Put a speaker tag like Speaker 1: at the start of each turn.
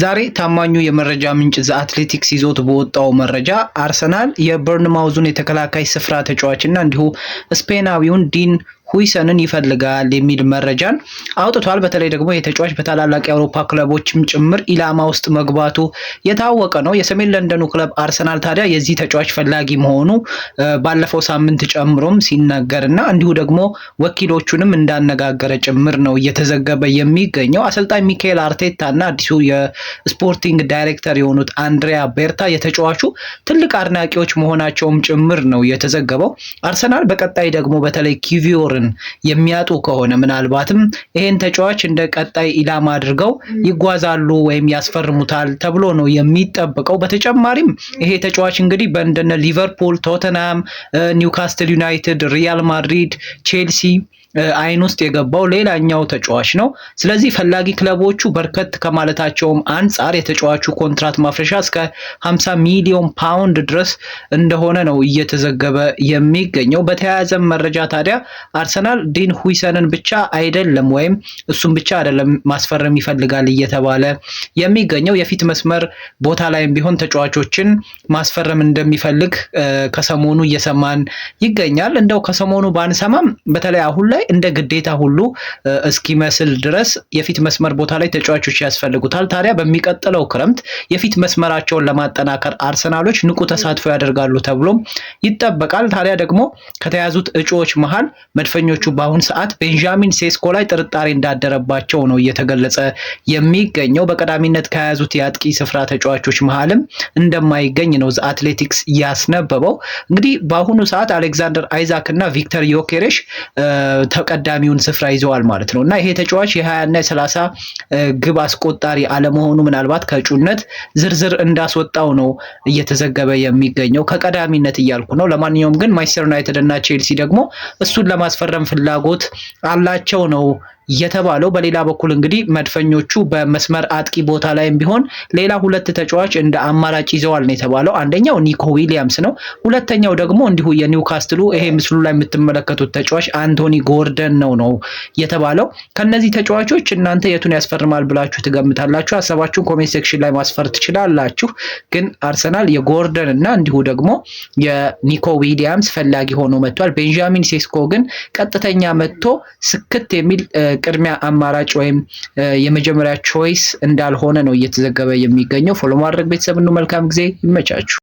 Speaker 1: ዛሬ ታማኙ የመረጃ ምንጭ ዘ አትሌቲክስ ይዞት በወጣው መረጃ አርሰናል የበርንማውዙን የተከላካይ ስፍራ ተጫዋችና እንዲሁ ስፔናዊውን ዲን ሁይሰንን ይፈልጋል የሚል መረጃን አውጥቷል። በተለይ ደግሞ የተጫዋች በታላላቅ የአውሮፓ ክለቦችም ጭምር ኢላማ ውስጥ መግባቱ የታወቀ ነው። የሰሜን ለንደኑ ክለብ አርሰናል ታዲያ የዚህ ተጫዋች ፈላጊ መሆኑ ባለፈው ሳምንት ጨምሮም ሲነገርና እንዲሁ ደግሞ ወኪሎቹንም እንዳነጋገረ ጭምር ነው እየተዘገበ የሚገኘው። አሰልጣኝ ሚካኤል አርቴታ እና አዲሱ የስፖርቲንግ ዳይሬክተር የሆኑት አንድሪያ ቤርታ የተጫዋቹ ትልቅ አድናቂዎች መሆናቸውም ጭምር ነው የተዘገበው። አርሰናል በቀጣይ ደግሞ በተለይ ኪቪዮር ቁጥርን የሚያጡ ከሆነ ምናልባትም ይሄን ተጫዋች እንደ ቀጣይ ኢላማ አድርገው ይጓዛሉ ወይም ያስፈርሙታል ተብሎ ነው የሚጠበቀው። በተጨማሪም ይሄ ተጫዋች እንግዲህ በእንደነ ሊቨርፑል፣ ቶተንሃም፣ ኒውካስትል ዩናይትድ፣ ሪያል ማድሪድ፣ ቼልሲ አይን ውስጥ የገባው ሌላኛው ተጫዋች ነው። ስለዚህ ፈላጊ ክለቦቹ በርከት ከማለታቸውም አንጻር የተጫዋቹ ኮንትራት ማፍረሻ እስከ 50 ሚሊዮን ፓውንድ ድረስ እንደሆነ ነው እየተዘገበ የሚገኘው። በተያያዘ መረጃ ታዲያ አርሰናል ዲን ሁይሰንን ብቻ አይደለም ወይም እሱን ብቻ አይደለም ማስፈረም ይፈልጋል እየተባለ የሚገኘው የፊት መስመር ቦታ ላይም ቢሆን ተጫዋቾችን ማስፈረም እንደሚፈልግ ከሰሞኑ እየሰማን ይገኛል። እንደው ከሰሞኑ ባንሰማም በተለይ አሁን ላይ እንደ ግዴታ ሁሉ እስኪመስል ድረስ የፊት መስመር ቦታ ላይ ተጫዋቾች ያስፈልጉታል። ታዲያ በሚቀጥለው ክረምት የፊት መስመራቸውን ለማጠናከር አርሰናሎች ንቁ ተሳትፎ ያደርጋሉ ተብሎም ይጠበቃል። ታዲያ ደግሞ ከተያዙት እጩዎች መሃል መድፈኞቹ በአሁን ሰዓት ቤንጃሚን ሴስኮ ላይ ጥርጣሬ እንዳደረባቸው ነው እየተገለጸ የሚገኘው። በቀዳሚነት ከያዙት የአጥቂ ስፍራ ተጫዋቾች መሃልም እንደማይገኝ ነው ዘ አትሌቲክስ ያስነበበው። እንግዲህ በአሁኑ ሰዓት አሌክዛንደር አይዛክ እና ቪክተር ዮኬሬሽ ተቀዳሚውን ስፍራ ይዘዋል ማለት ነው እና ይሄ ተጫዋች የ20 እና የ30 ግብ አስቆጣሪ አለመሆኑ ምናልባት ከእጩነት ዝርዝር እንዳስወጣው ነው እየተዘገበ የሚገኘው ከቀዳሚነት እያልኩ እየጠበቁ ነው። ለማንኛውም ግን ማንቸስተር ዩናይትድ እና ቼልሲ ደግሞ እሱን ለማስፈረም ፍላጎት አላቸው ነው የተባለው በሌላ በኩል እንግዲህ መድፈኞቹ በመስመር አጥቂ ቦታ ላይም ቢሆን ሌላ ሁለት ተጫዋች እንደ አማራጭ ይዘዋል ነው የተባለው። አንደኛው ኒኮ ዊሊያምስ ነው። ሁለተኛው ደግሞ እንዲሁ የኒውካስትሉ ይሄ ምስሉ ላይ የምትመለከቱት ተጫዋች አንቶኒ ጎርደን ነው ነው የተባለው። ከነዚህ ተጫዋቾች እናንተ የቱን ያስፈርማል ብላችሁ ትገምታላችሁ? ሀሳባችሁን ኮሜንት ሴክሽን ላይ ማስፈር ትችላላችሁ። ግን አርሰናል የጎርደን እና እንዲሁ ደግሞ የኒኮ ዊሊያምስ ፈላጊ ሆኖ መጥቷል። ቤንጃሚን ሴስኮ ግን ቀጥተኛ መጥቶ ስክት የሚል ቅድሚያ አማራጭ ወይም የመጀመሪያ ቾይስ እንዳልሆነ ነው እየተዘገበ የሚገኘው። ፎሎ ማድረግ ቤተሰብ መልካም ጊዜ ይመቻችሁ።